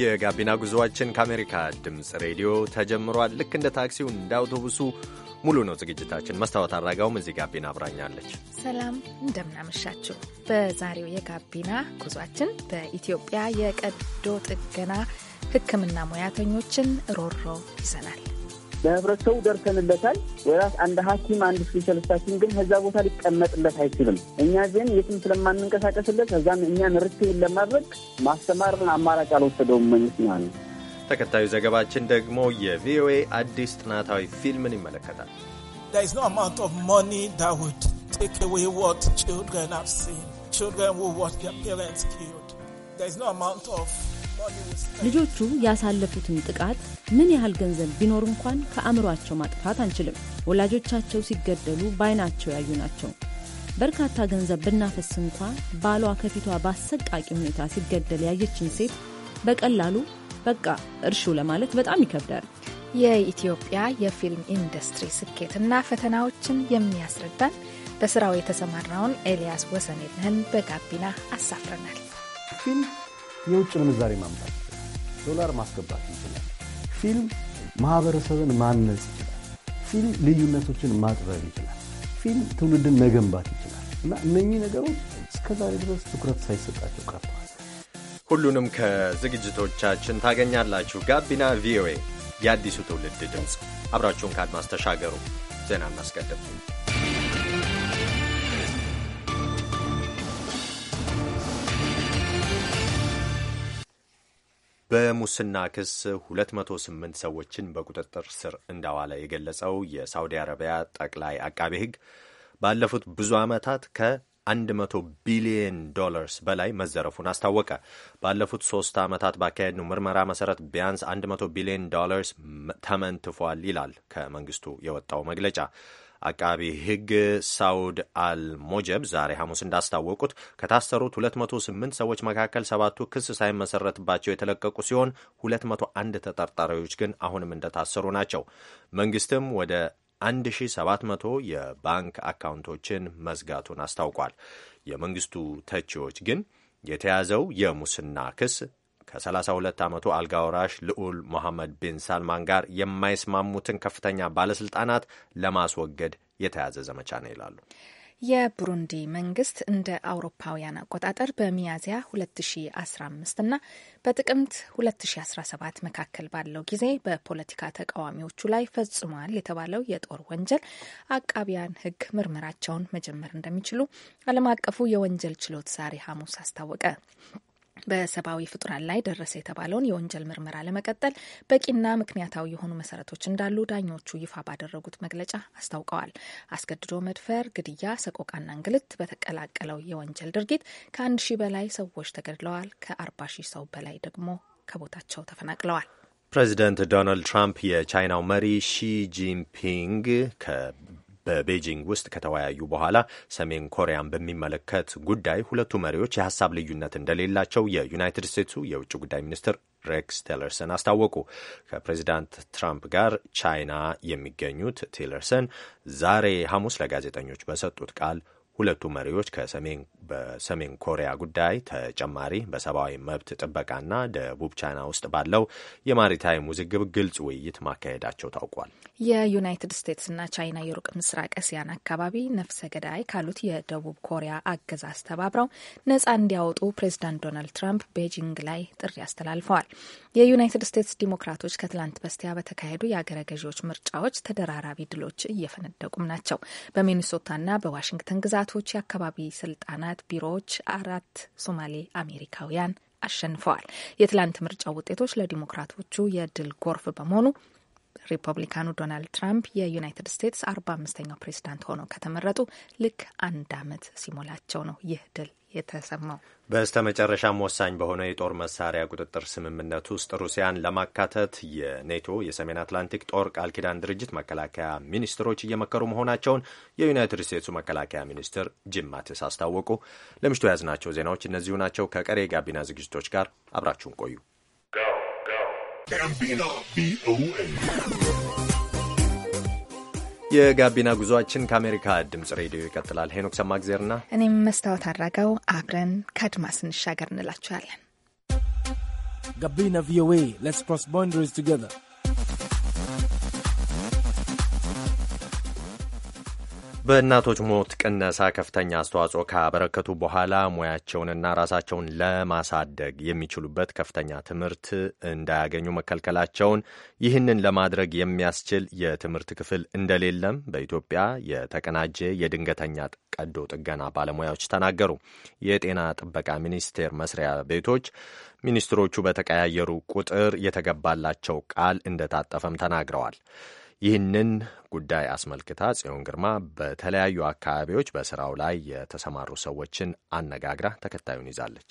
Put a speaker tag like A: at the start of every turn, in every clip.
A: የጋቢና ጉዞዋችን ከአሜሪካ ድምፅ ሬዲዮ ተጀምሯል። ልክ እንደ ታክሲው እንደ አውቶቡሱ ሙሉ ነው ዝግጅታችን። መስታወት አድራጋውም እዚህ ጋቢና አብራኛለች።
B: ሰላም እንደምናመሻችሁ። በዛሬው የጋቢና ጉዟችን በኢትዮጵያ የቀዶ ጥገና ሕክምና ሙያተኞችን ሮሮ ይዘናል።
C: ለህብረተሰቡ ደርሰንለታል። ወይራስ አንድ ሐኪም አንድ ስፔሻሊስት ሐኪም ግን ከዛ ቦታ ሊቀመጥለት አይችልም። እኛ ግን የትም ስለማንንቀሳቀስለት ከዛም እኛን ርትዕን ለማድረግ ማስተማርን አማራጭ አልወሰደውም መንግስት ነው።
A: ተከታዩ ዘገባችን ደግሞ የቪኦኤ አዲስ ጥናታዊ ፊልምን ይመለከታል። There is no amount of
D: ልጆቹ ያሳለፉትን ጥቃት ምን ያህል ገንዘብ ቢኖር እንኳን ከአእምሯቸው ማጥፋት አንችልም። ወላጆቻቸው ሲገደሉ ባይናቸው ያዩ ናቸው። በርካታ ገንዘብ ብናፈስ እንኳ ባሏ ከፊቷ በአሰቃቂ ሁኔታ ሲገደል ያየችን ሴት በቀላሉ በቃ እርሹ ለማለት በጣም ይከብዳል።
B: የኢትዮጵያ የፊልም ኢንዱስትሪ ስኬትና ፈተናዎችን የሚያስረዳን በስራው የተሰማራውን ኤልያስ ወሰኔትህን በጋቢና አሳፍረናል። ፊልም
E: የውጭ ምንዛሬ ማምጣት ይችላል። ዶላር ማስገባት ይችላል። ፊልም ማህበረሰብን ማነጽ ይችላል። ፊልም ልዩነቶችን ማጥበብ ይችላል። ፊልም ትውልድን መገንባት ይችላል እና እነኚህ ነገሮች እስከዛሬ ድረስ ትኩረት ሳይሰጣቸው ቀርተዋል።
A: ሁሉንም ከዝግጅቶቻችን ታገኛላችሁ። ጋቢና ቪኦኤ የአዲሱ ትውልድ ድምፅ። አብራችሁን ከአድማስ ተሻገሩ። ዜና እናስቀድም። በሙስና ክስ 208 ሰዎችን በቁጥጥር ስር እንዳዋለ የገለጸው የሳውዲ አረቢያ ጠቅላይ አቃቤ ሕግ ባለፉት ብዙ ዓመታት ከ100 ቢሊየን ዶላርስ በላይ መዘረፉን አስታወቀ። ባለፉት ሶስት ዓመታት ባካሄድነው ምርመራ መሠረት ቢያንስ 100 ቢሊየን ዶላርስ ተመንትፏል ይላል ከመንግስቱ የወጣው መግለጫ። አቃቢ ሕግ ሳውድ አል ሞጀብ ዛሬ ሐሙስ እንዳስታወቁት ከታሰሩት 208 ሰዎች መካከል ሰባቱ ክስ ሳይመሰረትባቸው የተለቀቁ ሲሆን 201 ተጠርጣሪዎች ግን አሁንም እንደታሰሩ ናቸው። መንግስትም ወደ 1700 የባንክ አካውንቶችን መዝጋቱን አስታውቋል። የመንግስቱ ተቺዎች ግን የተያዘው የሙስና ክስ ከ32 ዓመቱ አልጋ ወራሽ ልዑል ሞሐመድ ቢን ሳልማን ጋር የማይስማሙትን ከፍተኛ ባለስልጣናት ለማስወገድ የተያዘ ዘመቻ ነው ይላሉ።
B: የቡሩንዲ መንግስት እንደ አውሮፓውያን አቆጣጠር በሚያዝያ 2015 እና በጥቅምት 2017 መካከል ባለው ጊዜ በፖለቲካ ተቃዋሚዎቹ ላይ ፈጽሟል የተባለው የጦር ወንጀል አቃቢያን ሕግ ምርመራቸውን መጀመር እንደሚችሉ ዓለም አቀፉ የወንጀል ችሎት ዛሬ ሐሙስ አስታወቀ። በሰብአዊ ፍጡራን ላይ ደረሰ የተባለውን የወንጀል ምርመራ ለመቀጠል በቂና ምክንያታዊ የሆኑ መሰረቶች እንዳሉ ዳኞቹ ይፋ ባደረጉት መግለጫ አስታውቀዋል። አስገድዶ መድፈር፣ ግድያ፣ ሰቆቃና እንግልት በተቀላቀለው የወንጀል ድርጊት ከአንድ ሺህ በላይ ሰዎች ተገድለዋል። ከአርባ ሺህ ሰው በላይ ደግሞ ከቦታቸው ተፈናቅለዋል።
A: ፕሬዚደንት ዶናልድ ትራምፕ የቻይናው መሪ ሺ ጂንፒንግ በቤጂንግ ውስጥ ከተወያዩ በኋላ ሰሜን ኮሪያን በሚመለከት ጉዳይ ሁለቱ መሪዎች የሀሳብ ልዩነት እንደሌላቸው የዩናይትድ ስቴትሱ የውጭ ጉዳይ ሚኒስትር ሬክስ ቴለርሰን አስታወቁ። ከፕሬዚዳንት ትራምፕ ጋር ቻይና የሚገኙት ቴለርሰን ዛሬ ሐሙስ ለጋዜጠኞች በሰጡት ቃል ሁለቱ መሪዎች በሰሜን ኮሪያ ጉዳይ ተጨማሪ በሰብአዊ መብት ጥበቃና ደቡብ ቻይና ውስጥ ባለው የማሪታይም ውዝግብ ግልጽ ውይይት ማካሄዳቸው ታውቋል።
B: የዩናይትድ ስቴትስና ቻይና የሩቅ ምስራቅ እስያን አካባቢ ነፍሰ ገዳይ ካሉት የደቡብ ኮሪያ አገዛዝ ተባብረው ነጻ እንዲያወጡ ፕሬዚዳንት ዶናልድ ትራምፕ ቤጂንግ ላይ ጥሪ አስተላልፈዋል። የዩናይትድ ስቴትስ ዲሞክራቶች ከትላንት በስቲያ በተካሄዱ የአገረ ገዢዎች ምርጫዎች ተደራራቢ ድሎች እየፈነደቁም ናቸው። በሚኒሶታና በዋሽንግተን ግዛቶች የአካባቢ ስልጣናት ቢሮዎች አራት ሶማሌ አሜሪካውያን አሸንፈዋል። የትላንት ምርጫው ውጤቶች ለዲሞክራቶቹ የድል ጎርፍ በመሆኑ ሪፐብሊካኑ ዶናልድ ትራምፕ የዩናይትድ ስቴትስ አርባ አምስተኛው ፕሬዚዳንት ሆነው ከተመረጡ ልክ አንድ ዓመት ሲሞላቸው ነው ይህ ድል የተሰማው።
A: በስተመጨረሻም ወሳኝ በሆነ የጦር መሳሪያ ቁጥጥር ስምምነት ውስጥ ሩሲያን ለማካተት የኔቶ የሰሜን አትላንቲክ ጦር ቃል ኪዳን ድርጅት መከላከያ ሚኒስትሮች እየመከሩ መሆናቸውን የዩናይትድ ስቴትሱ መከላከያ ሚኒስትር ጂም ማቲስ አስታወቁ። ለምሽቱ የያዝናቸው ዜናዎች እነዚሁ ናቸው። ከቀሬ የጋቢና ዝግጅቶች ጋር አብራችሁን ቆዩ። የጋቢና ጉዞአችን ከአሜሪካ ድምጽ ሬዲዮ ይቀጥላል። ሄኖክ ሰማግዜርና
B: እኔም መስታወት አድራጋው አብረን ከአድማስ እንሻገር እንላችኋለን።
A: ጋቢና ቪኦኤ ሌትስ ክሮስ ቦንደሪስ ቱጌዘር በእናቶች ሞት ቅነሳ ከፍተኛ አስተዋጽኦ ካበረከቱ በኋላ ሙያቸውንና ራሳቸውን ለማሳደግ የሚችሉበት ከፍተኛ ትምህርት እንዳያገኙ መከልከላቸውን ይህንን ለማድረግ የሚያስችል የትምህርት ክፍል እንደሌለም በኢትዮጵያ የተቀናጀ የድንገተኛ ቀዶ ጥገና ባለሙያዎች ተናገሩ። የጤና ጥበቃ ሚኒስቴር መስሪያ ቤቶች ሚኒስትሮቹ በተቀያየሩ ቁጥር የተገባላቸው ቃል እንደታጠፈም ተናግረዋል። ይህንን ጉዳይ አስመልክታ ጽዮን ግርማ በተለያዩ አካባቢዎች በስራው ላይ የተሰማሩ ሰዎችን አነጋግራ ተከታዩን ይዛለች።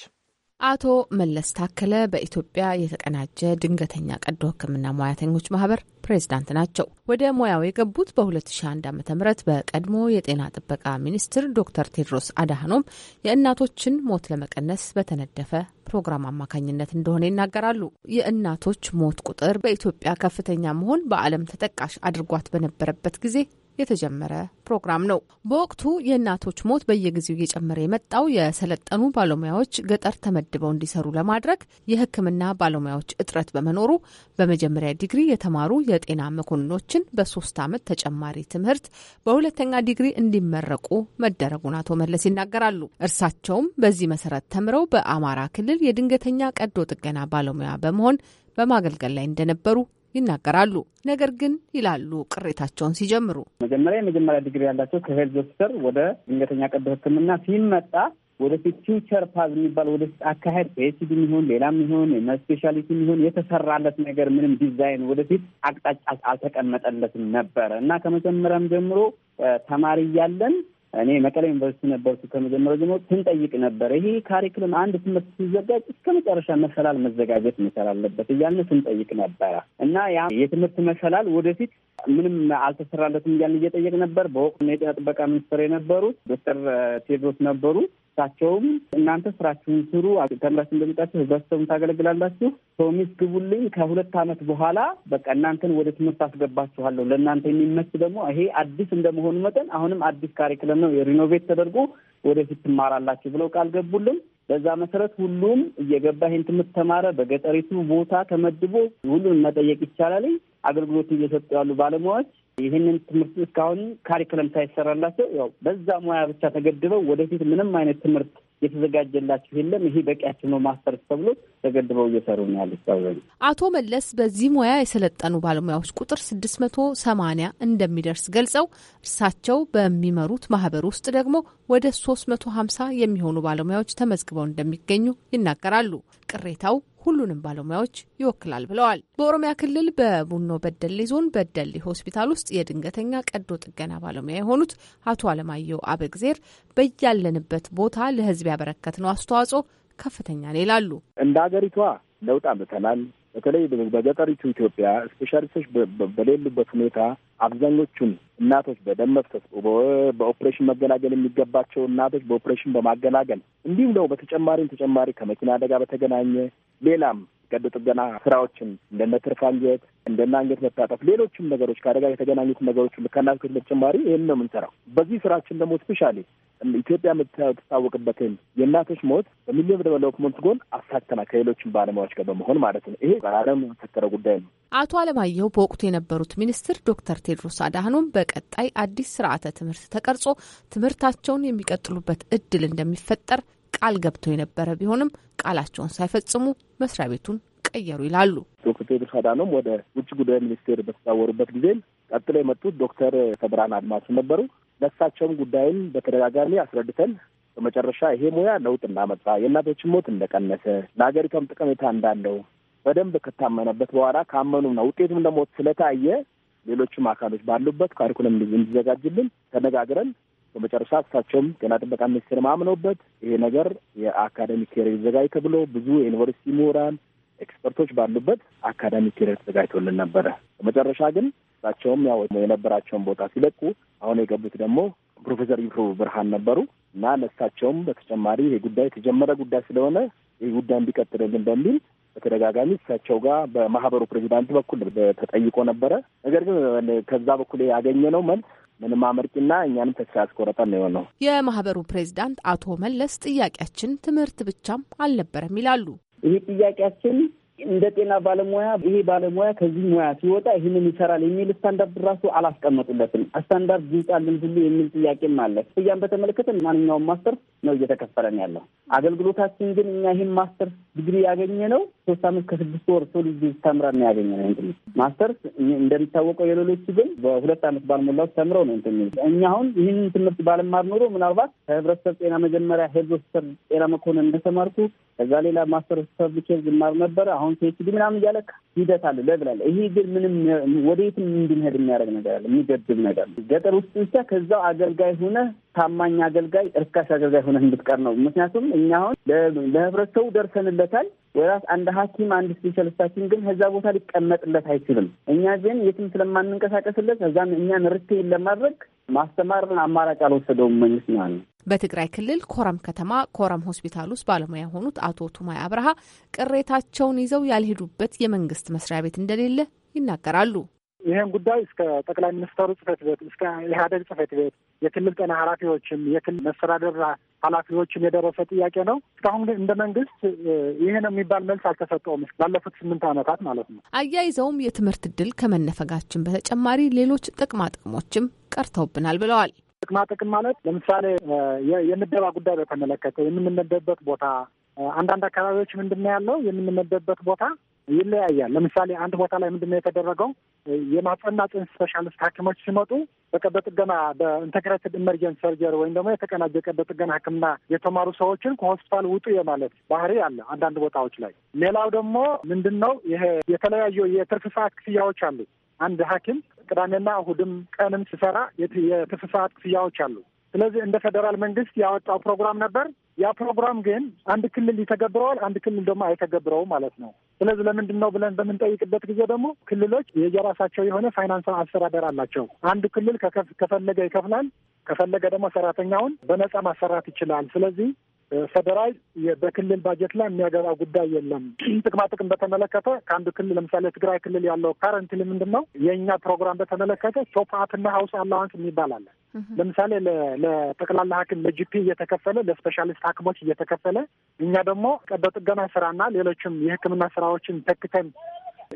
F: አቶ መለስ ታከለ በኢትዮጵያ የተቀናጀ ድንገተኛ ቀዶ ሕክምና ሙያተኞች ማህበር ፕሬዝዳንት ናቸው። ወደ ሙያው የገቡት በ2001 ዓ ም በቀድሞ የጤና ጥበቃ ሚኒስትር ዶክተር ቴድሮስ አድሃኖም የእናቶችን ሞት ለመቀነስ በተነደፈ ፕሮግራም አማካኝነት እንደሆነ ይናገራሉ። የእናቶች ሞት ቁጥር በኢትዮጵያ ከፍተኛ መሆን በዓለም ተጠቃሽ አድርጓት በነበረበት ጊዜ የተጀመረ ፕሮግራም ነው። በወቅቱ የእናቶች ሞት በየጊዜው እየጨመረ የመጣው የሰለጠኑ ባለሙያዎች ገጠር ተመድበው እንዲሰሩ ለማድረግ የሕክምና ባለሙያዎች እጥረት በመኖሩ በመጀመሪያ ዲግሪ የተማሩ የጤና መኮንኖችን በሶስት ዓመት ተጨማሪ ትምህርት በሁለተኛ ዲግሪ እንዲመረቁ መደረጉን አቶ መለስ ይናገራሉ። እርሳቸውም በዚህ መሰረት ተምረው በአማራ ክልል የድንገተኛ ቀዶ ጥገና ባለሙያ በመሆን በማገልገል ላይ እንደነበሩ ይናገራሉ። ነገር ግን ይላሉ ቅሬታቸውን ሲጀምሩ
C: መጀመሪያ የመጀመሪያ ዲግሪ ያላቸው ከሄልዝ ኦፊሰር ወደ ድንገተኛ ቀዶ ሕክምና ሲመጣ ወደፊት ፊውቸር ፓዝ የሚባል ወደፊት አካሄድ በኤሲድ የሚሆን ሌላም የሚሆን ስፔሻሊቲ የሚሆን የተሰራለት ነገር ምንም ዲዛይን ወደፊት አቅጣጫ አልተቀመጠለትም ነበረ እና ከመጀመሪያም ጀምሮ ተማሪ እያለን እኔ መቀሌ ዩኒቨርሲቲ ነበርኩ ከመጀመሪያው ጀምሮ ስንጠይቅ ነበረ። ይሄ ካሪክለም አንድ ትምህርት ሲዘጋጅ እስከ መጨረሻ መሰላል መዘጋጀት መቻል አለበት እያልን ስንጠይቅ ነበረ እና ያ የትምህርት መሰላል ወደፊት ምንም አልተሰራለትም እያልን እየጠየቅ ነበር። በወቅቱ የጤና ጥበቃ ሚኒስትር የነበሩት ዶክተር ቴድሮስ ነበሩ። እሳቸውም እናንተ ስራችሁን ስሩ፣ ተምራችሁ እንደመጣችሁ ህብረተሰቡን ታገለግላላችሁ፣ ፕሮሚስ ግቡልኝ፣ ከሁለት አመት በኋላ በቃ እናንተን ወደ ትምህርት አስገባችኋለሁ። ለእናንተ የሚመስ ደግሞ ይሄ አዲስ እንደመሆኑ መጠን አሁንም አዲስ ካሪክለም ነው የሪኖቬት ተደርጎ ወደፊት ትማራላችሁ ብለው ቃል ገቡልን። በዛ መሰረት ሁሉም እየገባ ይህን ትምህርት ተማረ። በገጠሪቱ ቦታ ተመድቦ ሁሉንም መጠየቅ ይቻላል። አገልግሎት እየሰጡ ያሉ ባለሙያዎች ይህንን ትምህርት እስካሁን ካሪክለም ሳይሰራላቸው ያው በዛ ሙያ ብቻ ተገድበው ወደፊት ምንም አይነት ትምህርት የተዘጋጀላችሁ የለም፣ ይሄ በቂያችን ነው ማስተርስ ተብሎ ተገድበው እየሰሩ ነው ያሉት።
F: አቶ መለስ በዚህ ሙያ የሰለጠኑ ባለሙያዎች ቁጥር ስድስት መቶ ሰማኒያ እንደሚደርስ ገልጸው እርሳቸው በሚመሩት ማህበር ውስጥ ደግሞ ወደ ሶስት መቶ ሀምሳ የሚሆኑ ባለሙያዎች ተመዝግበው እንደሚገኙ ይናገራሉ። ቅሬታው ሁሉንም ባለሙያዎች ይወክላል ብለዋል። በኦሮሚያ ክልል በቡኖ በደሌ ዞን በደሌ ሆስፒታል ውስጥ የድንገተኛ ቀዶ ጥገና ባለሙያ የሆኑት አቶ አለማየሁ አበግዜር በያለንበት ቦታ ለሕዝብ ያበረከትነው አስተዋጽኦ ከፍተኛ ነው ይላሉ።
C: እንደ ሀገሪቷ ለውጥ አምጥተናል። በተለይ በገጠሪቱ ኢትዮጵያ ስፔሻሊስቶች በሌሉበት ሁኔታ አብዛኞቹን እናቶች በደም መፍሰስ በኦፕሬሽን መገላገል የሚገባቸው እናቶች በኦፕሬሽን በማገላገል እንዲሁም ደግሞ በተጨማሪም ተጨማሪ ከመኪና አደጋ በተገናኘ ሌላም ቀዶ ጥገና ስራዎችን እንደነ ትርፍ አንጀት እንደነ አንጀት መታጠፍ፣ ሌሎችም ነገሮች ከአደጋ የተገናኙት ነገሮች ከናልኩት በተጨማሪ ይህን ነው የምንሰራው። በዚህ ስራችን ደግሞ ስፔሻሊ ኢትዮጵያ የምትታወቅበትን የእናቶች ሞት በሚሊዮን ዴቨሎፕመንት ጎን አሳተና ከሌሎችም ባለሙያዎች ጋር በመሆን ማለት ነው። ይሄ ዓለም ተከረ ጉዳይ ነው።
F: አቶ አለማየሁ በወቅቱ የነበሩት ሚኒስትር ዶክተር ቴድሮስ አድሃኖም በቀጣይ አዲስ ስርዓተ ትምህርት ተቀርጾ ትምህርታቸውን የሚቀጥሉበት እድል እንደሚፈጠር ቃል ገብተው የነበረ ቢሆንም ቃላቸውን ሳይፈጽሙ
C: መስሪያ ቤቱን ቀየሩ ይላሉ። ዶክተር አዳኖም ወደ ውጭ ጉዳይ ሚኒስቴር በተዛወሩበት ጊዜ ቀጥሎ የመጡት ዶክተር ተብራን አድማሱ ነበሩ። ለሳቸውም ጉዳይን በተደጋጋሚ አስረድተን በመጨረሻ ይሄ ሙያ ለውጥ እንዳመጣ የእናቶችን ሞት እንደቀነሰ ለሀገሪቷም ጠቀሜታ እንዳለው በደንብ ከታመነበት በኋላ ነው ውጤቱም ለሞት ስለታየ ሌሎችም አካሎች ባሉበት ካሪኩለም እንዲዘጋጅልን ተነጋግረን በመጨረሻ እሳቸውም ጤና ጥበቃ ሚኒስቴር ማምነውበት ይሄ ነገር የአካደሚክ ኬር ይዘጋጅ ተብሎ ብዙ የዩኒቨርሲቲ ምሁራን ኤክስፐርቶች ባሉበት አካዳሚክ ኬር ተዘጋጅቶልን ነበረ። በመጨረሻ ግን እሳቸውም ያው የነበራቸውን ቦታ ሲለቁ አሁን የገቡት ደግሞ ፕሮፌሰር ይፍሩ ብርሃን ነበሩ እና ለእሳቸውም በተጨማሪ ይሄ ጉዳይ የተጀመረ ጉዳይ ስለሆነ ይህ ጉዳይ እንዲቀጥልልን በሚል በተደጋጋሚ እሳቸው ጋር በማህበሩ ፕሬዚዳንት በኩል ተጠይቆ ነበረ። ነገር ግን ከዛ በኩል ያገኘ ነው መልስ ምንም አመርቂና እኛንም ተስፋ ያስቆረጠን ነው የሆነው።
F: የማህበሩ ፕሬዚዳንት አቶ መለስ ጥያቄያችን ትምህርት ብቻም አልነበረም ይላሉ።
C: ይህ ጥያቄያችን እንደ ጤና ባለሙያ ይሄ ባለሙያ ከዚህ ሙያ ሲወጣ ይህንን ይሰራል የሚል ስታንዳርድ ራሱ አላስቀመጡለትም። ስታንዳርድ ይውጣልን ሁሉ የሚል ጥያቄም አለ። እያም በተመለከተ ማንኛውም ማስተር ነው እየተከፈለን ያለው አገልግሎታችን ግን እኛ ይህን ማስተር ዲግሪ ያገኘ ነው ሶስት አመት ከስድስት ወር ሰው ልጅ ተምረን ነው ያገኘ ነው። እንትን ማስተርስ እንደሚታወቀው የሌሎቹ ግን በሁለት አመት ባልሞላው ተምረው ነው እንትን እኛ አሁን ይህንን ትምህርት ባለማር ኖሮ ምናልባት ከህብረተሰብ ጤና መጀመሪያ ሄድ ዶክተር ጤና መኮንን እንደተማርኩ ከዛ ሌላ ማስተር ሰርቪኬት ዝማር ነበረ አሁን አሁን ፒኤችዲ ምናምን እያለ ሂደት አለ ለብላለ ይሄ ግን ምንም ወደየትም እንድንሄድ የሚያደርግ ነገር አለ፣ የሚገድብ ነገር ገጠር ውስጥ ብቻ ከዛው አገልጋይ ሆነ ታማኝ አገልጋይ፣ እርካሽ አገልጋይ ሆነ እንድትቀር ነው። ምክንያቱም እኛ አሁን ለህብረተሰቡ ደርሰንለታል። ወይራስ አንድ ሐኪም አንድ ስፔሻሊስት ሐኪም ግን ከዛ ቦታ ሊቀመጥለት አይችልም። እኛ ግን የትም ስለማንንቀሳቀስለት እዛም እኛን ርቴ ለማድረግ ማስተማርን አማራጭ አልወሰደውም መንግስት ማለት ነው።
F: በትግራይ ክልል ኮረም ከተማ ኮረም ሆስፒታል ውስጥ ባለሙያ የሆኑት አቶ ቱማይ አብርሃ ቅሬታቸውን ይዘው ያልሄዱበት የመንግስት መስሪያ ቤት እንደሌለ ይናገራሉ።
G: ይህን ጉዳይ እስከ ጠቅላይ ሚኒስተሩ ጽህፈት ቤት፣ እስከ ኢህአዴግ ጽህፈት ቤት፣ የክልል ጤና ኃላፊዎችም የክልል መስተዳደር ኃላፊዎችም የደረሰ ጥያቄ ነው። እስካሁን ግን እንደ መንግስት ይህ ነው የሚባል መልስ አልተሰጠውም ላለፉት ስምንት ዓመታት ማለት ነው።
F: አያይዘውም የትምህርት እድል ከመነፈጋችን በተጨማሪ
G: ሌሎች ጥቅማ ጥቅሞችም ቀርተውብናል ብለዋል። ጥቅማ ጥቅም ማለት ለምሳሌ የምደባ ጉዳይ በተመለከተ የምንመደብበት ቦታ አንዳንድ አካባቢዎች ምንድነው ያለው የምንመደብበት ቦታ ይለያያል። ለምሳሌ አንድ ቦታ ላይ ምንድነው የተደረገው የማህፀንና ጽንስ ስፔሻሊስት ሐኪሞች ሲመጡ በቀ በጥገና በኢንተግሬትድ ኢመርጀንስ ሰርጀሪ ወይም ደግሞ የተቀናጀ በጥገና ሕክምና የተማሩ ሰዎችን ከሆስፒታል ውጡ የማለት ባህሪ አለ አንዳንድ ቦታዎች ላይ። ሌላው ደግሞ ምንድን ነው ይሄ የተለያዩ የትርፍ ሰዓት ክፍያዎች አሉ። አንድ ሐኪም ቅዳሜና እሁድም ቀንም ሲሰራ የትርፍ ሰዓት ክፍያዎች አሉ። ስለዚህ እንደ ፌዴራል መንግስት ያወጣው ፕሮግራም ነበር። ያ ፕሮግራም ግን አንድ ክልል ይተገብረዋል፣ አንድ ክልል ደግሞ አይተገብረውም ማለት ነው። ስለዚህ ለምንድን ነው ብለን በምንጠይቅበት ጊዜ ደግሞ ክልሎች የየራሳቸው የሆነ ፋይናንስ አስተዳደር አላቸው። አንዱ ክልል ከፈለገ ይከፍላል፣ ከፈለገ ደግሞ ሰራተኛውን በነጻ ማሰራት ይችላል። ስለዚህ ፌዴራል በክልል ባጀት ላይ የሚያገባ ጉዳይ የለም። ጥቅማ ጥቅም በተመለከተ ከአንዱ ክልል ለምሳሌ ትግራይ ክልል ያለው ካረንትሊ ምንድን ነው የእኛ ፕሮግራም በተመለከተ ቶፕአፕና ሀውስ አላዋንስ የሚባል አለ። ለምሳሌ ለጠቅላላ ሐኪም ለጂፒ እየተከፈለ ለስፔሻሊስት ሐኪሞች እየተከፈለ እኛ ደግሞ ቀዶ ጥገና ስራና ሌሎችም የሕክምና ስራዎችን ተክተን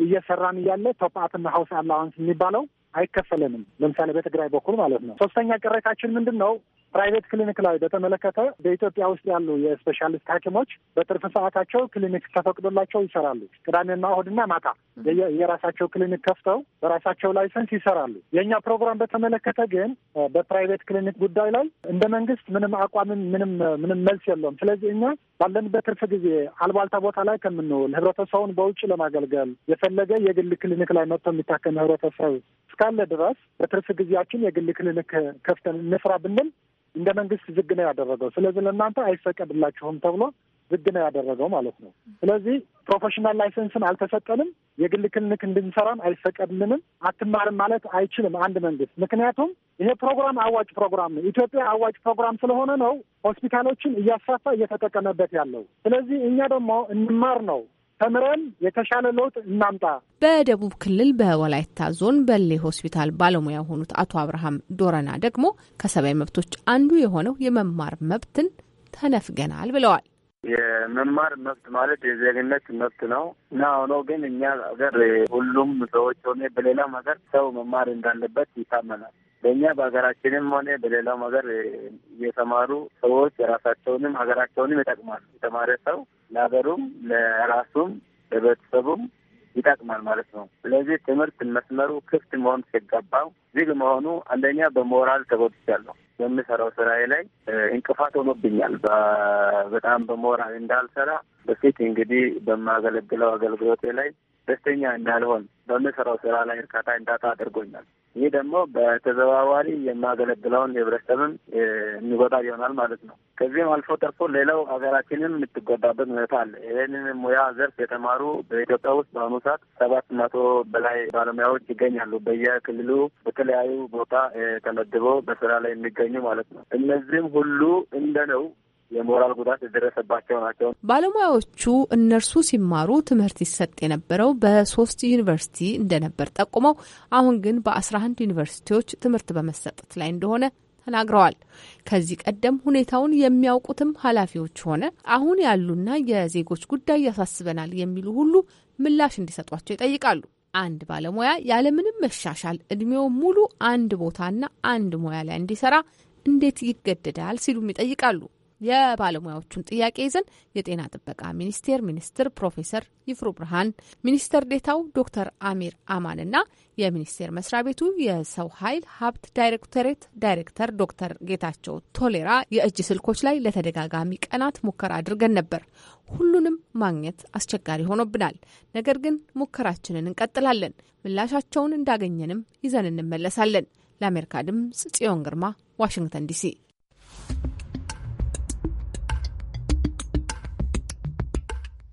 G: እየሰራን እያለ ቶፕአፕና ሀውስ አላዋንስ የሚባለው አይከፈለንም። ለምሳሌ በትግራይ በኩል ማለት ነው። ሶስተኛ ቅሬታችን ምንድን ነው? ፕራይቬት ክሊኒክ ላይ በተመለከተ በኢትዮጵያ ውስጥ ያሉ የስፔሻሊስት ሐኪሞች በትርፍ ሰዓታቸው ክሊኒክ ተፈቅዶላቸው ይሰራሉ። ቅዳሜና እሁድና ማታ የራሳቸው ክሊኒክ ከፍተው በራሳቸው ላይሰንስ ይሰራሉ። የእኛ ፕሮግራም በተመለከተ ግን በፕራይቬት ክሊኒክ ጉዳይ ላይ እንደ መንግስት ምንም አቋምን ምንም ምንም መልስ የለውም። ስለዚህ እኛ ባለንበት ትርፍ ጊዜ አልባልታ ቦታ ላይ ከምንውል ህብረተሰቡን በውጭ ለማገልገል የፈለገ የግል ክሊኒክ ላይ መጥቶ የሚታከም ህብረተሰብ እስካለ ድረስ በትርፍ ጊዜያችን የግል ክሊኒክ ከፍተን እንስራ ብንል እንደ መንግስት ዝግ ነው ያደረገው። ስለዚህ ለእናንተ አይፈቀድላችሁም ተብሎ ዝግ ነው ያደረገው ማለት ነው። ስለዚህ ፕሮፌሽናል ላይሰንስን አልተሰጠንም፣ የግል ክሊኒክ እንድንሰራም አይፈቀድልንም፣ አትማርም ማለት አይችልም አንድ መንግስት። ምክንያቱም ይሄ ፕሮግራም አዋጭ ፕሮግራም ነው። ኢትዮጵያ አዋጭ ፕሮግራም ስለሆነ ነው ሆስፒታሎችን እያስፋፋ እየተጠቀመበት ያለው። ስለዚህ እኛ ደግሞ እንማር ነው ተምረን የተሻለ ለውጥ እናምጣ።
F: በደቡብ ክልል በወላይታ ዞን በሌ ሆስፒታል ባለሙያ የሆኑት አቶ አብርሃም ዶረና ደግሞ ከሰብአዊ መብቶች አንዱ የሆነው የመማር መብትን ተነፍገናል ብለዋል።
C: የመማር መብት ማለት የዜግነት መብት ነው እና ሆኖ ግን እኛ ሀገር ሁሉም ሰዎች ሆነ በሌላም ሀገር ሰው መማር እንዳለበት ይታመናል። በእኛ በሀገራችንም ሆነ በሌላውም ሀገር እየተማሩ ሰዎች የራሳቸውንም ሀገራቸውንም ይጠቅማሉ። የተማረ ሰው ለሀገሩም ለራሱም ለቤተሰቡም ይጠቅማል ማለት ነው። ስለዚህ ትምህርት መስመሩ ክፍት መሆን ሲገባው ዝግ መሆኑ አንደኛ በሞራል ተጎድቻለሁ። በምሰራው ስራዬ ላይ እንቅፋት ሆኖብኛል። በጣም በሞራል እንዳልሰራ በፊት እንግዲህ በማገለግለው አገልግሎቴ ላይ ደስተኛ እንዳልሆን፣ በምሰራው ስራ ላይ እርካታ እንዳጣ አድርጎኛል። ይህ ደግሞ በተዘዋዋሪ የማገለግለውን ህብረተሰብም የሚጎዳ ይሆናል ማለት ነው። ከዚህም አልፎ ተርፎ ሌላው ሀገራችንም የምትጎዳበት ሁኔታ አለ። ይህንን ሙያ ዘርፍ የተማሩ በኢትዮጵያ ውስጥ በአሁኑ ሰዓት ሰባት መቶ በላይ ባለሙያዎች ይገኛሉ። በየክልሉ በተለያዩ ቦታ ተመድበው በስራ ላይ የሚገኙ ማለት ነው። እነዚህም ሁሉ እንደ ነው። የሞራል ጉዳት የደረሰባቸው ናቸው።
F: ባለሙያዎቹ እነርሱ ሲማሩ ትምህርት ይሰጥ የነበረው በሶስት ዩኒቨርሲቲ እንደነበር ጠቁመው አሁን ግን በአስራ አንድ ዩኒቨርሲቲዎች ትምህርት በመሰጠት ላይ እንደሆነ ተናግረዋል። ከዚህ ቀደም ሁኔታውን የሚያውቁትም ኃላፊዎች ሆነ አሁን ያሉና የዜጎች ጉዳይ ያሳስበናል የሚሉ ሁሉ ምላሽ እንዲሰጧቸው ይጠይቃሉ። አንድ ባለሙያ ያለምንም መሻሻል እድሜው ሙሉ አንድ ቦታና አንድ ሙያ ላይ እንዲሰራ እንዴት ይገደዳል? ሲሉም ይጠይቃሉ። የባለሙያዎቹን ጥያቄ ይዘን የጤና ጥበቃ ሚኒስቴር ሚኒስትር ፕሮፌሰር ይፍሩ ብርሃን፣ ሚኒስተር ዴታው ዶክተር አሚር አማን እና የሚኒስቴር መስሪያ ቤቱ የሰው ኃይል ሀብት ዳይሬክቶሬት ዳይሬክተር ዶክተር ጌታቸው ቶሌራ የእጅ ስልኮች ላይ ለተደጋጋሚ ቀናት ሙከራ አድርገን ነበር። ሁሉንም ማግኘት አስቸጋሪ ሆኖብናል። ነገር ግን ሙከራችንን እንቀጥላለን። ምላሻቸውን እንዳገኘንም ይዘን እንመለሳለን። ለአሜሪካ ድምጽ ጽዮን ግርማ ዋሽንግተን ዲሲ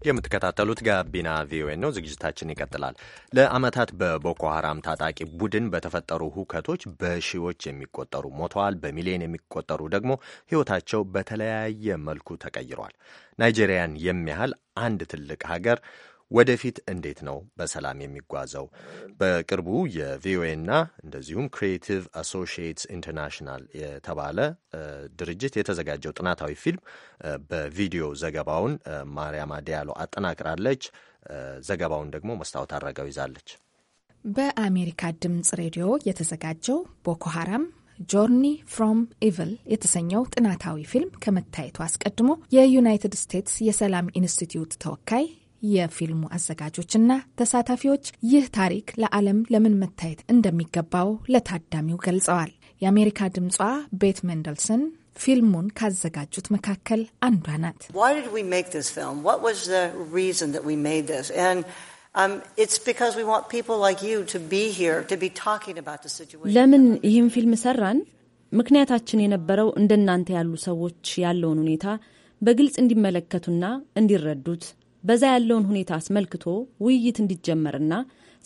A: የምትከታተሉት ጋቢና ቪኦኤ ነው። ዝግጅታችን ይቀጥላል። ለአመታት በቦኮ ሀራም ታጣቂ ቡድን በተፈጠሩ ሁከቶች በሺዎች የሚቆጠሩ ሞተዋል፣ በሚሊዮን የሚቆጠሩ ደግሞ ሕይወታቸው በተለያየ መልኩ ተቀይሯል። ናይጄሪያን የሚያህል አንድ ትልቅ ሀገር ወደፊት እንዴት ነው በሰላም የሚጓዘው? በቅርቡ የቪኦኤና እንደዚሁም ክሪኤቲቭ አሶሺየትስ ኢንተርናሽናል የተባለ ድርጅት የተዘጋጀው ጥናታዊ ፊልም በቪዲዮ ዘገባውን ማርያማ ዲያሎ አጠናቅራለች። ዘገባውን ደግሞ መስታወት አረጋው ይዛለች።
B: በአሜሪካ ድምጽ ሬዲዮ የተዘጋጀው ቦኮ ሀራም ጆርኒ ፍሮም ኢቭል የተሰኘው ጥናታዊ ፊልም ከመታየቱ አስቀድሞ የዩናይትድ ስቴትስ የሰላም ኢንስቲትዩት ተወካይ የፊልሙ አዘጋጆችና ተሳታፊዎች ይህ ታሪክ ለዓለም ለምን መታየት እንደሚገባው ለታዳሚው ገልጸዋል። የአሜሪካ ድምጿ ቤት መንደልሰን ፊልሙን ካዘጋጁት መካከል አንዷ ናት።
E: um,
D: ለምን ይህን ፊልም ሰራን? ምክንያታችን የነበረው እንደናንተ ያሉ ሰዎች ያለውን ሁኔታ በግልጽ እንዲመለከቱና እንዲረዱት በዛ ያለውን ሁኔታ አስመልክቶ ውይይት እንዲጀመርና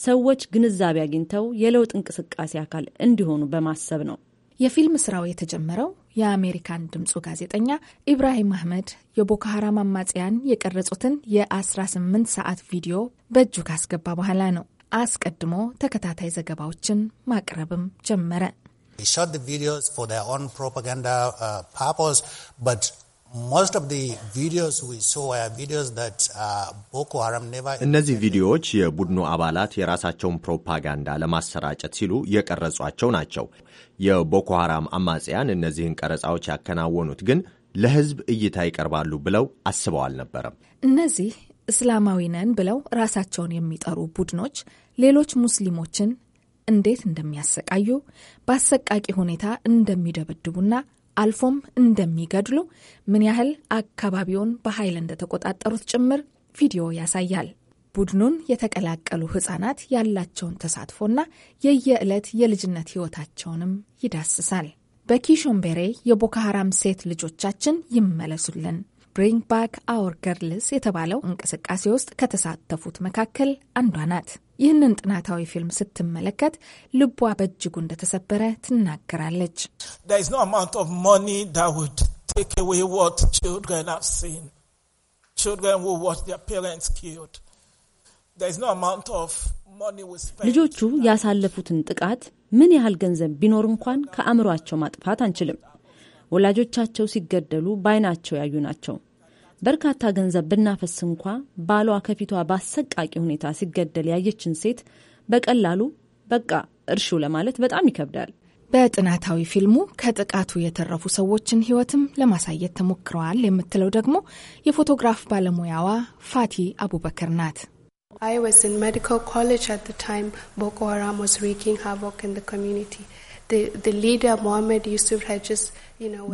D: ሰዎች ግንዛቤ አግኝተው የለውጥ እንቅስቃሴ
B: አካል እንዲሆኑ በማሰብ ነው። የፊልም ስራው የተጀመረው የአሜሪካን ድምፁ ጋዜጠኛ ኢብራሂም አህመድ የቦኮ ሀራም አማጽያን የቀረጹትን የ18 ሰዓት ቪዲዮ በእጁ ካስገባ በኋላ ነው። አስቀድሞ ተከታታይ ዘገባዎችን ማቅረብም ጀመረ።
A: እነዚህ ቪዲዮዎች የቡድኑ አባላት የራሳቸውን ፕሮፓጋንዳ ለማሰራጨት ሲሉ የቀረጿቸው ናቸው። የቦኮ ሐራም አማጽያን እነዚህን ቀረጻዎች ያከናወኑት ግን ለሕዝብ እይታ ይቀርባሉ ብለው አስበው አልነበረም።
B: እነዚህ እስላማዊ ነን ብለው ራሳቸውን የሚጠሩ ቡድኖች ሌሎች ሙስሊሞችን እንዴት እንደሚያሰቃዩ፣ በአሰቃቂ ሁኔታ እንደሚደበድቡና አልፎም እንደሚገድሉ ምን ያህል አካባቢውን በኃይል እንደተቆጣጠሩት ጭምር ቪዲዮ ያሳያል። ቡድኑን የተቀላቀሉ ህጻናት ያላቸውን ተሳትፎና የየዕለት የልጅነት ህይወታቸውንም ይዳስሳል። በኪሾምቤሬ የቦኮ ሀራም ሴት ልጆቻችን ይመለሱልን ብሪንግ ባክ አወር ገርልስ የተባለው እንቅስቃሴ ውስጥ ከተሳተፉት መካከል አንዷ ናት። ይህንን ጥናታዊ ፊልም ስትመለከት ልቧ በእጅጉ እንደተሰበረ ትናገራለች።
C: ልጆቹ
D: ያሳለፉትን ጥቃት ምን ያህል ገንዘብ ቢኖር እንኳን ከአእምሯቸው ማጥፋት አንችልም። ወላጆቻቸው ሲገደሉ በዓይናቸው ያዩ ናቸው። በርካታ ገንዘብ ብናፈስ እንኳ ባሏ ከፊቷ በአሰቃቂ ሁኔታ ሲገደል ያየችን ሴት በቀላሉ በቃ እርሹ ለማለት
B: በጣም ይከብዳል። በጥናታዊ ፊልሙ ከጥቃቱ የተረፉ ሰዎችን ሕይወትም ለማሳየት ተሞክረዋል የምትለው ደግሞ የፎቶግራፍ ባለሙያዋ ፋቲ አቡበክር ናት።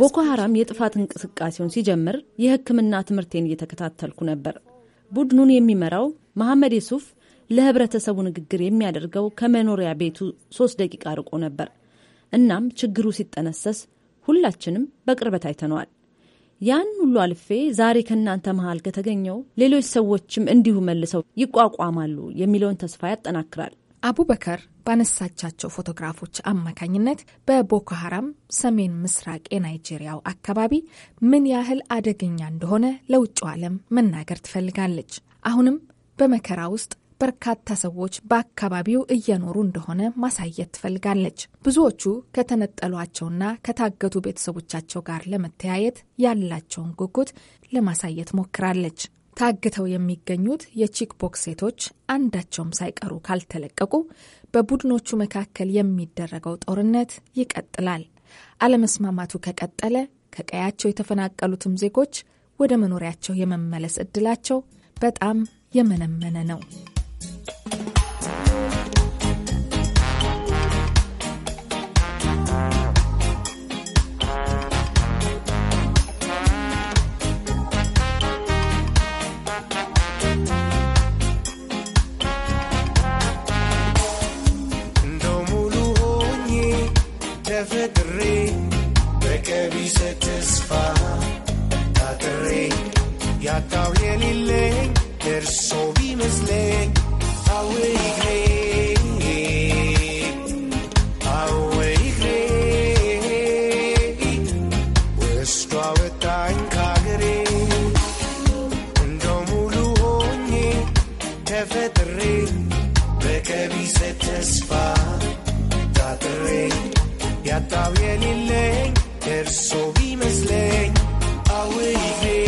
B: ቦኮ ሀራም የጥፋት
D: እንቅስቃሴውን ሲጀምር የሕክምና ትምህርቴን እየተከታተልኩ ነበር። ቡድኑን የሚመራው መሐመድ የሱፍ ለህብረተሰቡ ንግግር የሚያደርገው ከመኖሪያ ቤቱ ሶስት ደቂቃ ርቆ ነበር። እናም ችግሩ ሲጠነሰስ ሁላችንም በቅርበት አይተነዋል። ያን ሁሉ አልፌ ዛሬ ከእናንተ መሃል ከተገኘው ሌሎች ሰዎችም እንዲሁ መልሰው
B: ይቋቋማሉ የሚለውን ተስፋ ያጠናክራል። አቡበከር ባነሳቻቸው ፎቶግራፎች አማካኝነት በቦኮ ሀራም ሰሜን ምስራቅ የናይጄሪያው አካባቢ ምን ያህል አደገኛ እንደሆነ ለውጭው ዓለም መናገር ትፈልጋለች። አሁንም በመከራ ውስጥ በርካታ ሰዎች በአካባቢው እየኖሩ እንደሆነ ማሳየት ትፈልጋለች። ብዙዎቹ ከተነጠሏቸውና ከታገቱ ቤተሰቦቻቸው ጋር ለመተያየት ያላቸውን ጉጉት ለማሳየት ሞክራለች። ታግተው የሚገኙት የቺክ ቦክስ ሴቶች አንዳቸውም ሳይቀሩ ካልተለቀቁ በቡድኖቹ መካከል የሚደረገው ጦርነት ይቀጥላል። አለመስማማቱ ከቀጠለ ከቀያቸው የተፈናቀሉትም ዜጎች ወደ መኖሪያቸው የመመለስ እድላቸው በጣም የመነመነ ነው።
H: me slay, I will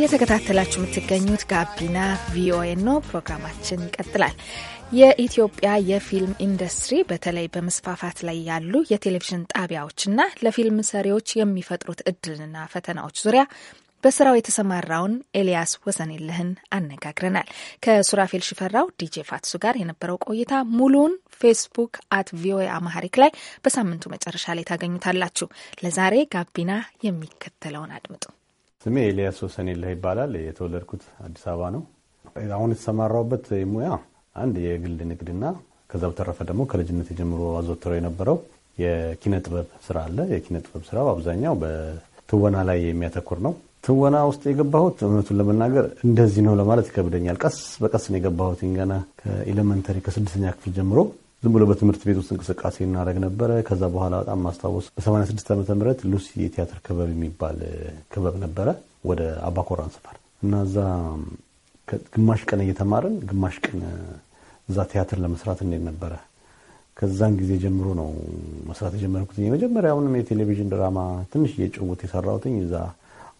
B: እየተከታተላችሁ የምትገኙት ጋቢና ቪኦኤ ነው። ፕሮግራማችን ይቀጥላል። የኢትዮጵያ የፊልም ኢንዱስትሪ በተለይ በመስፋፋት ላይ ያሉ የቴሌቪዥን ጣቢያዎችና ለፊልም ሰሪዎች የሚፈጥሩት እድልና ፈተናዎች ዙሪያ በስራው የተሰማራውን ኤልያስ ወሰኔልህን አነጋግረናል። ከሱራፌል ሽፈራው ዲጄ ፋትሱ ጋር የነበረው ቆይታ ሙሉውን ፌስቡክ አት ቪኦኤ አማሐሪክ ላይ በሳምንቱ መጨረሻ ላይ ታገኙታላችሁ። ለዛሬ ጋቢና የሚከተለውን አድምጡ።
E: ስሜ ኤልያስ ወሰኔላ ይባላል። የተወለድኩት አዲስ አበባ ነው። አሁን የተሰማራውበት ሙያ አንድ የግል ንግድና ከዛ በተረፈ ደግሞ ከልጅነት ጀምሮ አዘወትረው የነበረው የኪነ ጥበብ ስራ አለ። የኪነ ጥበብ ስራ አብዛኛው በትወና ላይ የሚያተኩር ነው። ትወና ውስጥ የገባሁት እውነቱን ለመናገር እንደዚህ ነው ለማለት ይከብደኛል። ቀስ በቀስ ነው የገባሁት። ገና ከኤሌመንተሪ ከስድስተኛ ክፍል ጀምሮ ዝም ብሎ በትምህርት ቤት ውስጥ እንቅስቃሴ እናደረግ ነበረ። ከዛ በኋላ በጣም ማስታወስ በ86 ዓ ምህረት ሉሲ የቲያትር ክበብ የሚባል ክበብ ነበረ ወደ አባኮራን ሰፈር እና እዛ ግማሽ ቀን እየተማርን ግማሽ ቀን እዛ ቲያትር ለመስራት እንሄድ ነበረ። ከዛን ጊዜ ጀምሮ ነው መስራት የጀመርኩት። የመጀመሪያውንም የቴሌቪዥን ድራማ ትንሽ እየጭውት የሰራሁትኝ እዛ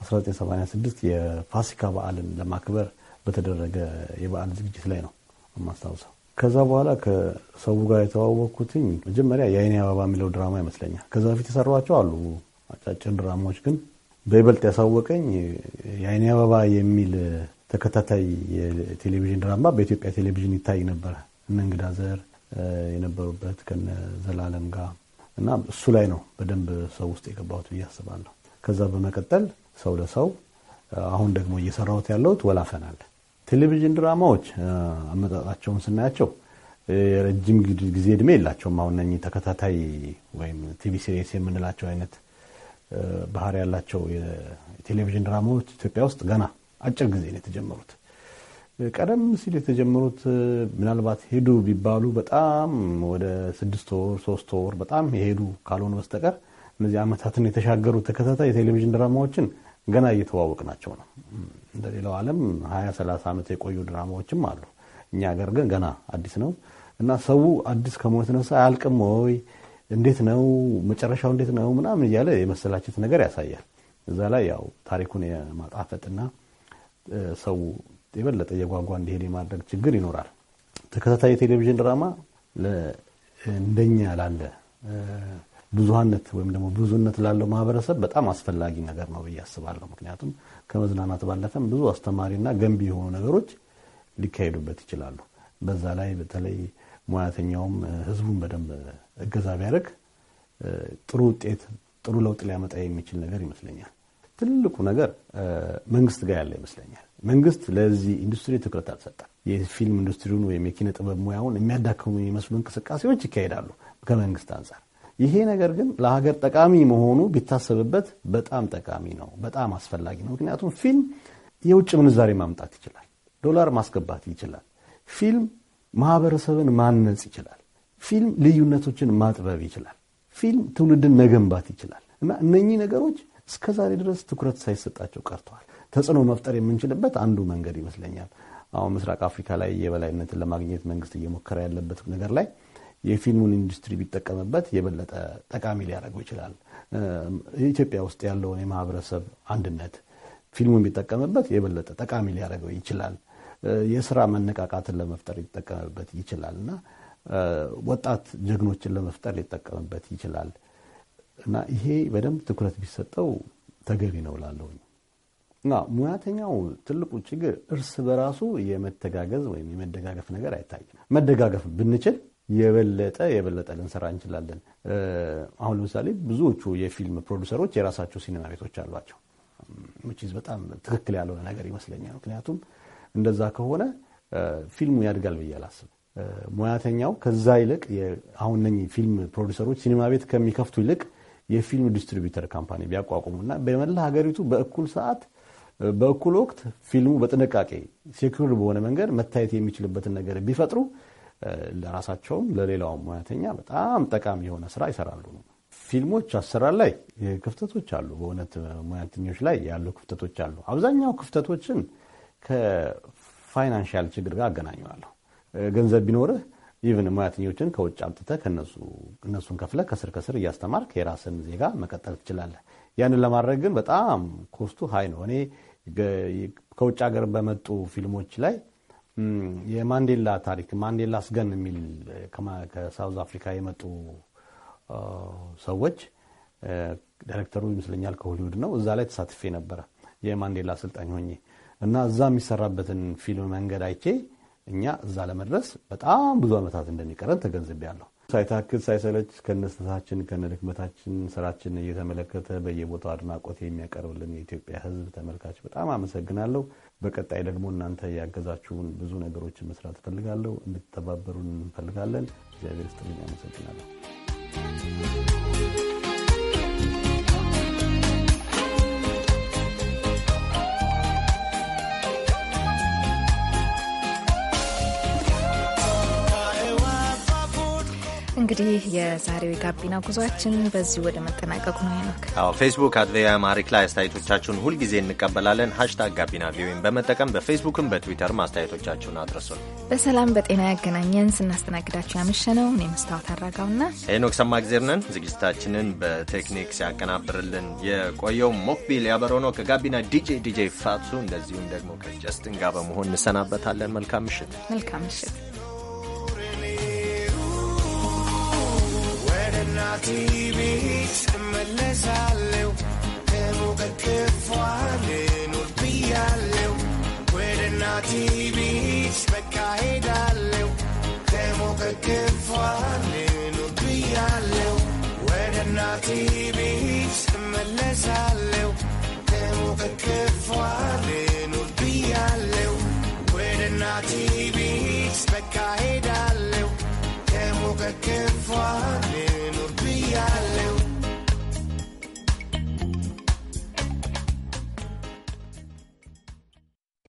E: 1986 የፋሲካ በዓልን ለማክበር በተደረገ የበዓል ዝግጅት ላይ ነው የማስታውሰው። ከዛ በኋላ ከሰው ጋር የተዋወቅኩትኝ መጀመሪያ የአይኔ አበባ የሚለው ድራማ ይመስለኛል። ከዛ በፊት የሰሯቸው አሉ አጫጭር ድራማዎች፣ ግን በይበልጥ ያሳወቀኝ የአይኔ አበባ የሚል ተከታታይ የቴሌቪዥን ድራማ በኢትዮጵያ ቴሌቪዥን ይታይ ነበረ። እነ እንግዳ ዘር የነበሩበት ከነ ዘላለም ጋር እና እሱ ላይ ነው በደንብ ሰው ውስጥ የገባሁት ብዬ አስባለሁ። ከዛ በመቀጠል ሰው ለሰው አሁን ደግሞ እየሰራሁት ያለሁት ወላፈናል። ቴሌቪዥን ድራማዎች አመጣጣቸውን ስናያቸው የረጅም ጊዜ እድሜ የላቸውም። አሁን ተከታታይ ወይም ቲቪ ሲሪስ የምንላቸው አይነት ባህሪ ያላቸው የቴሌቪዥን ድራማዎች ኢትዮጵያ ውስጥ ገና አጭር ጊዜ ነው የተጀመሩት። ቀደም ሲል የተጀመሩት ምናልባት ሄዱ ቢባሉ በጣም ወደ ስድስት ወር ሶስት ወር በጣም የሄዱ ካልሆነ በስተቀር እነዚህ ዓመታትን የተሻገሩ ተከታታይ የቴሌቪዥን ድራማዎችን ገና ናቸው ነው። እንደሌላው ዓለም ሀያ ሰላሳ ዓመት የቆዩ ድራማዎችም አሉ። እኛ ሀገር ግን ገና አዲስ ነው እና ሰው አዲስ ከሞት ነሳ አያልቅም ወይ እንዴት ነው መጨረሻው እንዴት ነው ምናምን እያለ የመሰላቸት ነገር ያሳያል። እዛ ላይ ያው ታሪኩን የማጣፈጥና ሰው የበለጠ የጓጓ እንዲሄድ የማድረግ ችግር ይኖራል። ተከታታይ የቴሌቪዥን ድራማ እንደኛ ላለ ብዙሀነት ወይም ደግሞ ብዙነት ላለው ማህበረሰብ በጣም አስፈላጊ ነገር ነው ብዬ አስባለሁ። ምክንያቱም ከመዝናናት ባለፈም ብዙ አስተማሪና ገንቢ የሆኑ ነገሮች ሊካሄዱበት ይችላሉ። በዛ ላይ በተለይ ሙያተኛውም ህዝቡን በደንብ እገዛ ቢያደርግ ጥሩ ውጤት፣ ጥሩ ለውጥ ሊያመጣ የሚችል ነገር ይመስለኛል። ትልቁ ነገር መንግስት ጋር ያለ ይመስለኛል። መንግስት ለዚህ ኢንዱስትሪ ትኩረት አልሰጠም። የፊልም ኢንዱስትሪውን ወይም የኪነ ጥበብ ሙያውን የሚያዳክሙ የሚመስሉ እንቅስቃሴዎች ይካሄዳሉ ከመንግስት አንጻር ይሄ ነገር ግን ለሀገር ጠቃሚ መሆኑ ቢታሰብበት በጣም ጠቃሚ ነው፣ በጣም አስፈላጊ ነው። ምክንያቱም ፊልም የውጭ ምንዛሬ ማምጣት ይችላል፣ ዶላር ማስገባት ይችላል። ፊልም ማህበረሰብን ማነጽ ይችላል። ፊልም ልዩነቶችን ማጥበብ ይችላል። ፊልም ትውልድን መገንባት ይችላል። እና እነኚህ ነገሮች እስከዛሬ ድረስ ትኩረት ሳይሰጣቸው ቀርተዋል። ተጽዕኖ መፍጠር የምንችልበት አንዱ መንገድ ይመስለኛል። አሁን ምስራቅ አፍሪካ ላይ የበላይነትን ለማግኘት መንግስት እየሞከረ ያለበት ነገር ላይ የፊልሙን ኢንዱስትሪ ቢጠቀምበት የበለጠ ጠቃሚ ሊያደርገው ይችላል። ኢትዮጵያ ውስጥ ያለውን የማህበረሰብ አንድነት ፊልሙን ቢጠቀምበት የበለጠ ጠቃሚ ሊያደርገው ይችላል። የስራ መነቃቃትን ለመፍጠር ሊጠቀምበት ይችላል እና ወጣት ጀግኖችን ለመፍጠር ሊጠቀምበት ይችላል እና ይሄ በደንብ ትኩረት ቢሰጠው ተገቢ ነው እላለሁኝ። እና ሙያተኛው ትልቁ ችግር እርስ በራሱ የመተጋገዝ ወይም የመደጋገፍ ነገር አይታይም። መደጋገፍ ብንችል የበለጠ የበለጠ ልንሰራ እንችላለን። አሁን ለምሳሌ ብዙዎቹ የፊልም ፕሮዲሰሮች የራሳቸው ሲኒማ ቤቶች አሏቸው። በጣም ትክክል ያልሆነ ነገር ይመስለኛል። ምክንያቱም እንደዛ ከሆነ ፊልሙ ያድጋል ብዬ አላስብ ሙያተኛው ከዛ ይልቅ አሁን እነኚህ ፊልም ፕሮዲሰሮች ሲኒማ ቤት ከሚከፍቱ ይልቅ የፊልም ዲስትሪቢተር ካምፓኒ ቢያቋቁሙና በመላ ሀገሪቱ በእኩል ሰዓት በእኩል ወቅት ፊልሙ በጥንቃቄ ሴኩር በሆነ መንገድ መታየት የሚችልበትን ነገር ቢፈጥሩ ለራሳቸውም ለሌላውም ሙያተኛ በጣም ጠቃሚ የሆነ ስራ ይሰራሉ ነው። ፊልሞች አሰራር ላይ ክፍተቶች አሉ። በእውነት ሙያተኞች ላይ ያሉ ክፍተቶች አሉ። አብዛኛው ክፍተቶችን ከፋይናንሻል ችግር ጋር አገናኘዋለሁ። ገንዘብ ቢኖርህ ኢቨን ሙያተኞችን ከውጭ አምጥተህ እነሱን ከፍለህ ከስር ከስር እያስተማርክ የራስን ዜጋ መቀጠል ትችላለህ። ያንን ለማድረግ ግን በጣም ኮስቱ ሀይ ነው። እኔ ከውጭ ሀገር በመጡ ፊልሞች ላይ የማንዴላ ታሪክ ማንዴላ አስገን የሚል ከሳውዝ አፍሪካ የመጡ ሰዎች ዳይሬክተሩ ይመስለኛል ከሆሊውድ ነው። እዛ ላይ ተሳትፌ ነበረ የማንዴላ አሰልጣኝ ሆኜ እና እዛ የሚሰራበትን ፊልም መንገድ አይቼ እኛ እዛ ለመድረስ በጣም ብዙ ዓመታት እንደሚቀረን ተገንዝቤያለሁ። ሳይታክት ሳይሰለች ከነስተታችን ከነድክመታችን ስራችን እየተመለከተ በየቦታው አድናቆት የሚያቀርብልን የኢትዮጵያ ሕዝብ ተመልካች በጣም አመሰግናለሁ። በቀጣይ ደግሞ እናንተ ያገዛችሁን ብዙ ነገሮችን መስራት እፈልጋለሁ። እንድትተባበሩን እንፈልጋለን። እግዚአብሔር ስጥልኝ። አመሰግናለሁ።
B: እንግዲህ የዛሬው የጋቢና ጉዟችን በዚህ ወደ መጠናቀቁ ነው። ሄኖክ
A: አዎ፣ ፌስቡክ አት ቪኦኤ አማሪክ ላይ አስተያየቶቻችሁን ሁልጊዜ እንቀበላለን። ሀሽታግ ጋቢና ቪኦኤን በመጠቀም በፌስቡክም በትዊተርም አስተያየቶቻችሁን አድረሱን።
B: በሰላም በጤና ያገናኘን። ስናስተናግዳችሁ ያመሸነው እኔ መስታወት አድራጋውና
A: ሄኖክ ሰማእግዜር ነን። ዝግጅታችንን በቴክኒክ ሲያቀናብርልን የቆየው ሞክቢል ያበረው ነው። ከጋቢና ዲጄ ዲጄ ፋቱ እንደዚሁም ደግሞ ከጀስትን ጋር በመሆን እንሰናበታለን። መልካም ምሽት፣
H: መልካም ምሽት። እናቴ ቤት እመለሳለሁ ከሞቀት ክፏል ኖር ብያለሁ ወደ እናቴ ቤት በቃ ሄዳለሁ ከሞቀት ክፏል ኖር ብያለሁ ወደ እናቴ ቤት እመለሳለሁ ከሞቀት ክፏል ኖር ብያለሁ ወደ እናቴ ቤት በቃ ሄዳለሁ I